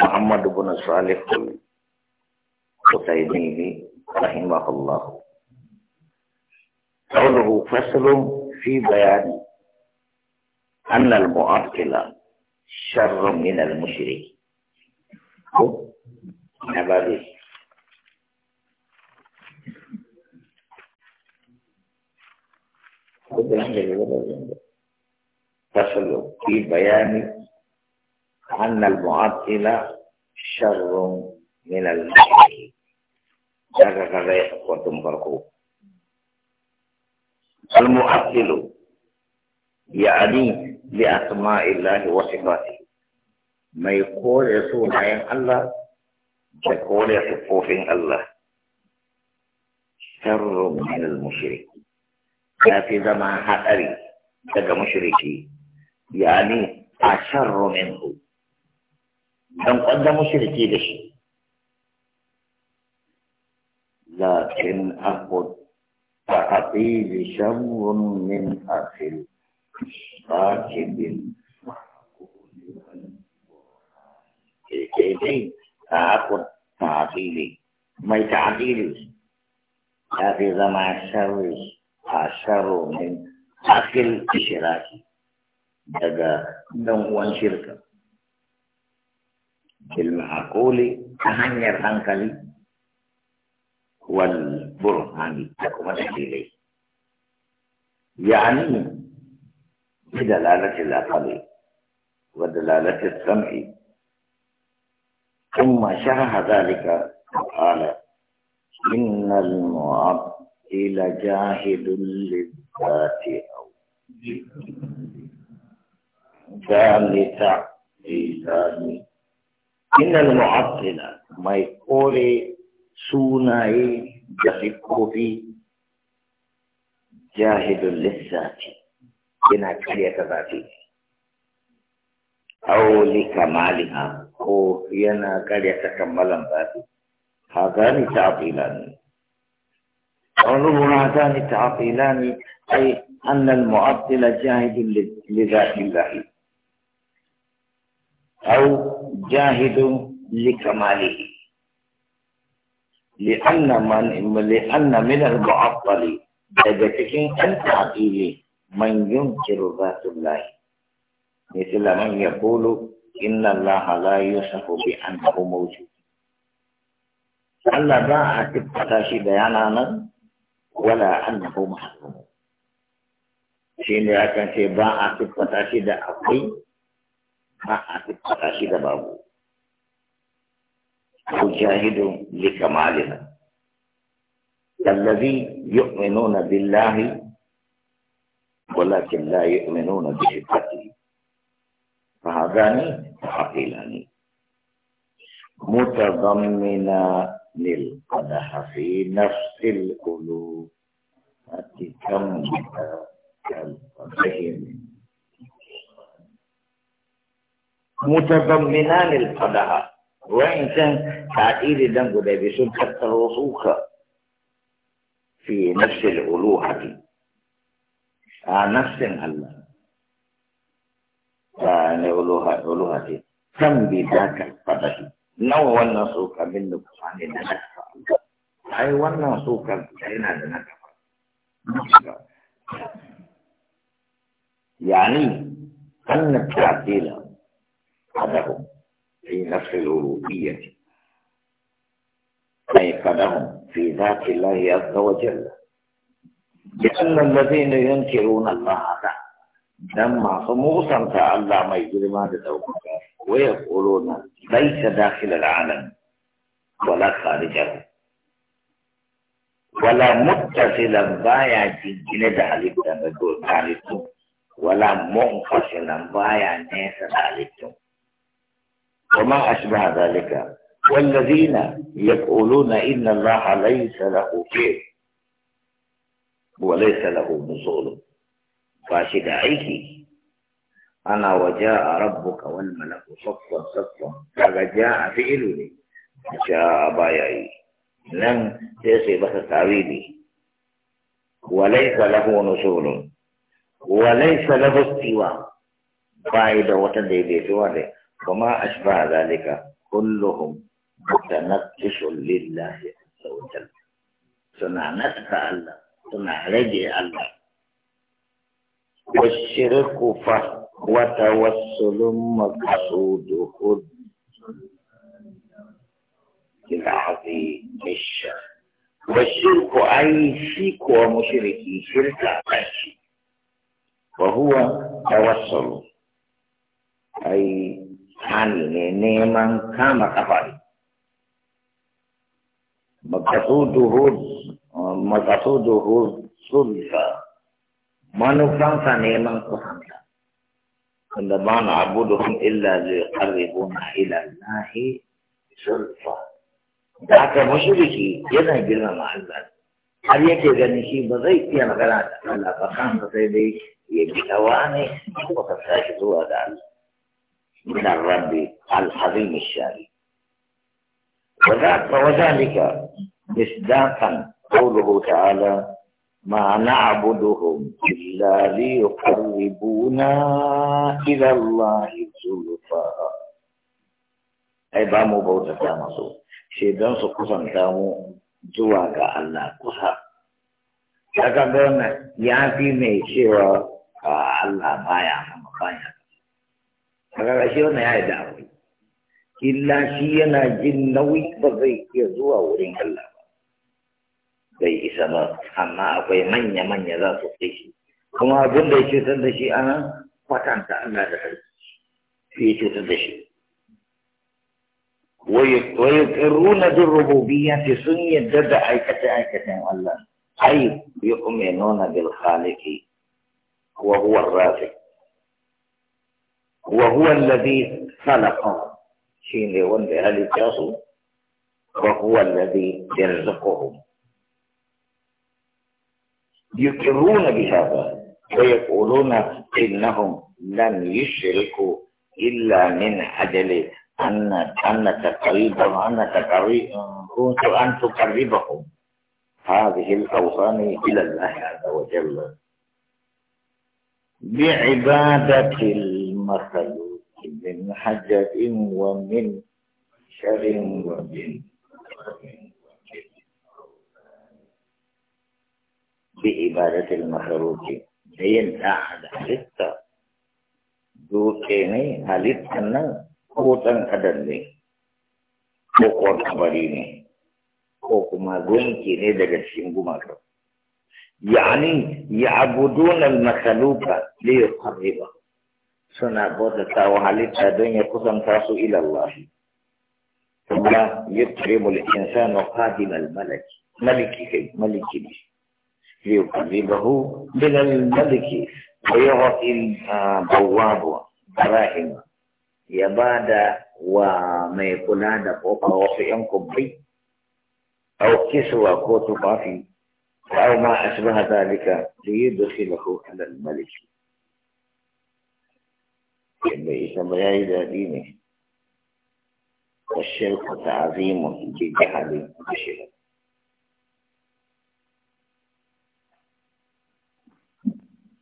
محمد بن صالح القتيبي رحمه الله قوله فصل في بيان أن المؤكل شر من المشرك نبالي فصل في بيان أن المعطلة شر من المعطل هذا كذا يقوم بركوب المعطل يعني لأسماء الله وصفاته ما يقول يسوع عين الله يقول يسوع عين الله شر من المشرك في زمان حقري تجا مشركي يعني أشر منه don ƙwanda mushriki da shi lakin ahud ta da shamrun min asil Ba ke bin. Ke dai ta ahud ta haɗi mai ta haɗi ya fi zama sharri a sharo min asil shiraki daga ɗan uwan shirka بالمعقول كلي هو والبرهان تقوى إليه يعني بدلالة العقل ودلالة السمع ثم شرح ذلك قال إن المعطل جاهد للذات أو ذلك إيمان إن المعطلة ما يقول سوناي جسكوفي جاهد للذات إن كرية ذاتي أو لكمالها أو ينا كرية كمالا ذاتي هذان تعطيلان عنوان هذان تعطيلان أي أن المعطل جاهد لذات الله أو جاهد لكماله لأن من لأن من daga cikin ɗan ta'ili man yunkiru zatullahi مثل من يقول إن الله لا يوصف بأنه موجود Allah ba a tabbata da yana nan wala annahu mahzun shi ne akan ce ba a tabbata shi da akwai ba لكمالنا الذي يؤمنون بالله ولكن لا يؤمنون بصفته فهذان عقلان متضمنا للقدح في نفس القلوب التي تمت كالقدح من متضمنان القدح وإن كان تعديل دم قدابي حتى الوثوق في نفس الألوهة آه نفس الله يعني ألوهة ألوهة كم بذاك القدح نو والنسوك من نقصان نكفى أي والنسوك بين نكفى يعني أن التعديل قدهم في نفس الألوهية أي قدهم في ذات الله عز وجل لأن الذين ينكرون الله لما خموصا تعالى ما يجري ما تتوقع ويقولون ليس داخل العالم ولا خارجه ولا متصلا بايا جنة دالبتا نقول ولا منفصلا بايا نيسا دالبتو وما أشبه ذلك والذين يقولون إن الله ليس له كيف وليس له مصول فاشد عيكي أنا وجاء ربك والملك صفا صفا فجاء فعلني جاء بايعي لن تصيبك تعويلي وليس له نصول وليس له استواء فائدة وتدي بيتوالي وما أشبه ذلك كلهم متنقص لله عز وجل صنع نسك الله صنع رجع الله والشرك فهو توسل مقصوده العظيم الشر والشرك أي شيك ومشركي شرك أشي وهو توسل أي hali ne neman kama kafa makasuduhu makasuduhu sulfa manufansa neman kusanta wanda kanda na abuduhum illa liqarribuna ila allahi sulfa da haka mushriki yana girmama Allah har yake ganin shi ba zai iya magana da Allah ba kansa sai dai ya bi tawa ne ko ka sashi zuwa da Allah من الرب العظيم الشاري وذاك وذلك مصداقا قوله تعالى ما نعبدهم إلا ليقربونا إلى الله زلفى أي بامو بوتا تامسو شيدان سو كسان تامو زواغا الله كسا كذا قلنا يا في مي شيوا آه، الله بايا ما بايا هغه شیو هو یا دی الا شی نه جن نوې پرې کې زو الله دې اسما اما کوي منه منه دا څه شي کوم اګون دې چې انا پټان ته الله دې شي چې څه شي ويقرون بالربوبية سنية دد عيكة عيكة والله أي يؤمنون بالخالق وهو الرازق وهو الذي خلقهم شين لون بهالي تاسو وهو الذي يرزقهم يقرون بهذا ويقولون إنهم لم يشركوا إلا من أجل أن أن تقريبا أن تقريبا أن تقربهم هذه الأوطان إلى الله عز وجل بعبادة مثل من حجة ومن شر ومن بإبادة المخلوق زين أحد حلتا دو كيني أنا قوتا قدر لي قبريني بريني حكم أقول كيني دقت شنقو مكرو يعني يعبدون المخلوق ليقربهم suna bautata wa halitta don ya kusanta su ilallahi kuma ya tare mu insanu qadim al malaki maliki kai maliki ne ya yuqadibahu bil al maliki wa yughti al bawwab rahim ya bada wa mai kula da kofa wasu yan kubbai au kiswa ko tufafi au ma asbaha zalika liyudkhilahu ala al maliki yadda ita ba ya yi daɗi ne ƙashirku ta azimun jikin halin ƙashirin